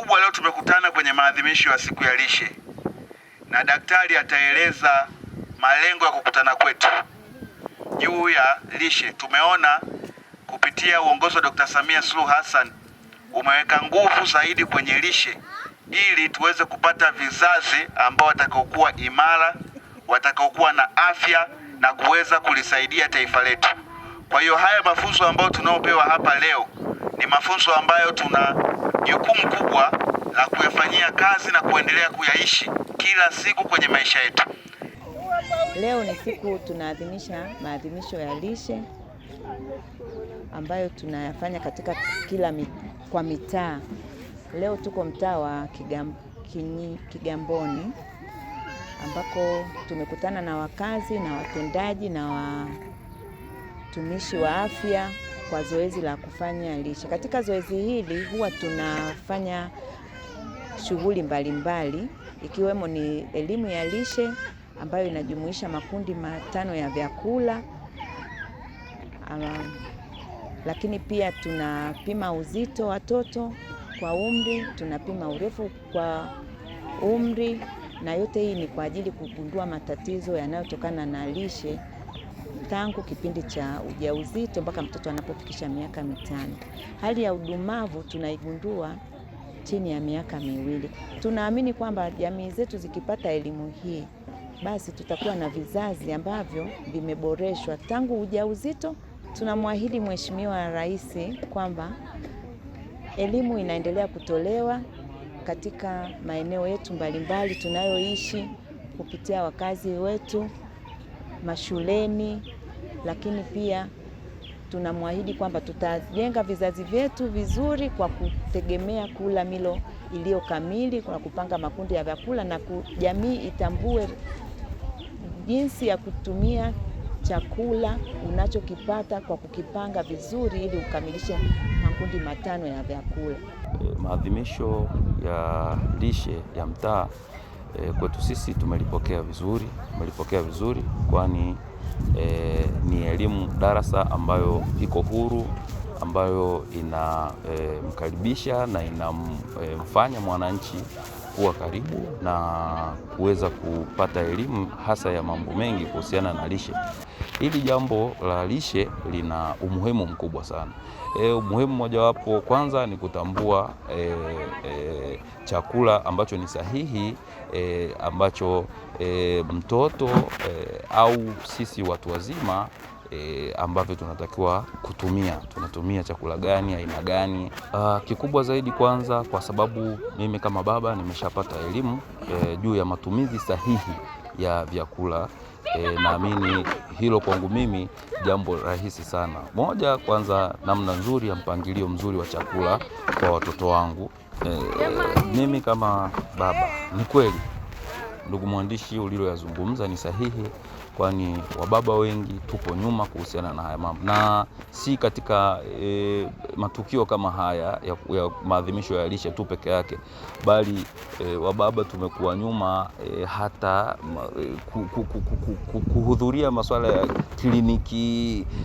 kubwa, leo tumekutana kwenye maadhimisho ya siku ya lishe na daktari ataeleza malengo ya kukutana kwetu juu ya lishe. Tumeona kupitia uongozi wa Dr. Samia Suluhu Hassan umeweka nguvu zaidi kwenye lishe ili tuweze kupata vizazi ambao watakaokuwa imara, watakaokuwa na afya na kuweza kulisaidia taifa letu. Kwa hiyo haya mafunzo ambayo tunaopewa hapa leo ni mafunzo ambayo tuna jukumu kubwa la kuyafanyia kazi na kuendelea kuyaishi kila siku kwenye maisha yetu. Leo ni siku tunaadhimisha maadhimisho ya lishe ambayo tunayafanya katika kila mi, kwa mitaa. Leo tuko mtaa wa Kigam, Kigamboni ambako tumekutana na wakazi na watendaji na watumishi wa afya kwa zoezi la kufanya lishe. Katika zoezi hili huwa tunafanya shughuli mbalimbali ikiwemo ni elimu ya lishe ambayo inajumuisha makundi matano ya vyakula lakini pia tunapima uzito watoto kwa umri, tunapima urefu kwa umri, na yote hii ni kwa ajili kugundua matatizo yanayotokana na lishe tangu kipindi cha ujauzito mpaka mtoto anapofikisha miaka mitano. Hali ya udumavu tunaigundua chini ya miaka miwili. Tunaamini kwamba jamii zetu zikipata elimu hii, basi tutakuwa na vizazi ambavyo vimeboreshwa tangu ujauzito. Tunamwahidi Mheshimiwa Rais kwamba elimu inaendelea kutolewa katika maeneo yetu mbalimbali tunayoishi kupitia wakazi wetu mashuleni lakini pia tunamwahidi kwamba tutajenga vizazi vyetu vizuri kwa kutegemea kula milo iliyo kamili, kwa kupanga makundi ya vyakula na jamii itambue jinsi ya kutumia chakula unachokipata kwa kukipanga vizuri ili ukamilishe makundi matano ya vyakula. Maadhimisho ya lishe ya mtaa eh, kwetu sisi tumelipokea vizuri, tumelipokea vizuri kwani e, ni elimu darasa ambayo iko huru ambayo inamkaribisha e, na inamfanya e, mwananchi kuwa karibu na kuweza kupata elimu hasa ya mambo mengi kuhusiana na lishe. Hili jambo la lishe lina umuhimu mkubwa sana. E, umuhimu mojawapo kwanza ni kutambua e, e, chakula ambacho ni sahihi e, ambacho e, mtoto e, au sisi watu wazima e, ambavyo tunatakiwa kutumia, tunatumia chakula gani, aina gani. Uh, kikubwa zaidi kwanza, kwa sababu mimi kama baba nimeshapata elimu e, juu ya matumizi sahihi ya vyakula e, naamini hilo kwangu mimi jambo rahisi sana. Moja, kwanza namna nzuri ya mpangilio mzuri wa chakula kwa watoto wangu. E, mimi kama baba ni kweli Ndugu mwandishi, uliloyazungumza ni sahihi, kwani wababa wengi tupo nyuma kuhusiana na haya mambo, na si katika e, matukio kama haya ya, ya maadhimisho ya lishe tu peke yake, bali e, wababa tumekuwa nyuma e, hata e, kuhudhuria masuala ya kliniki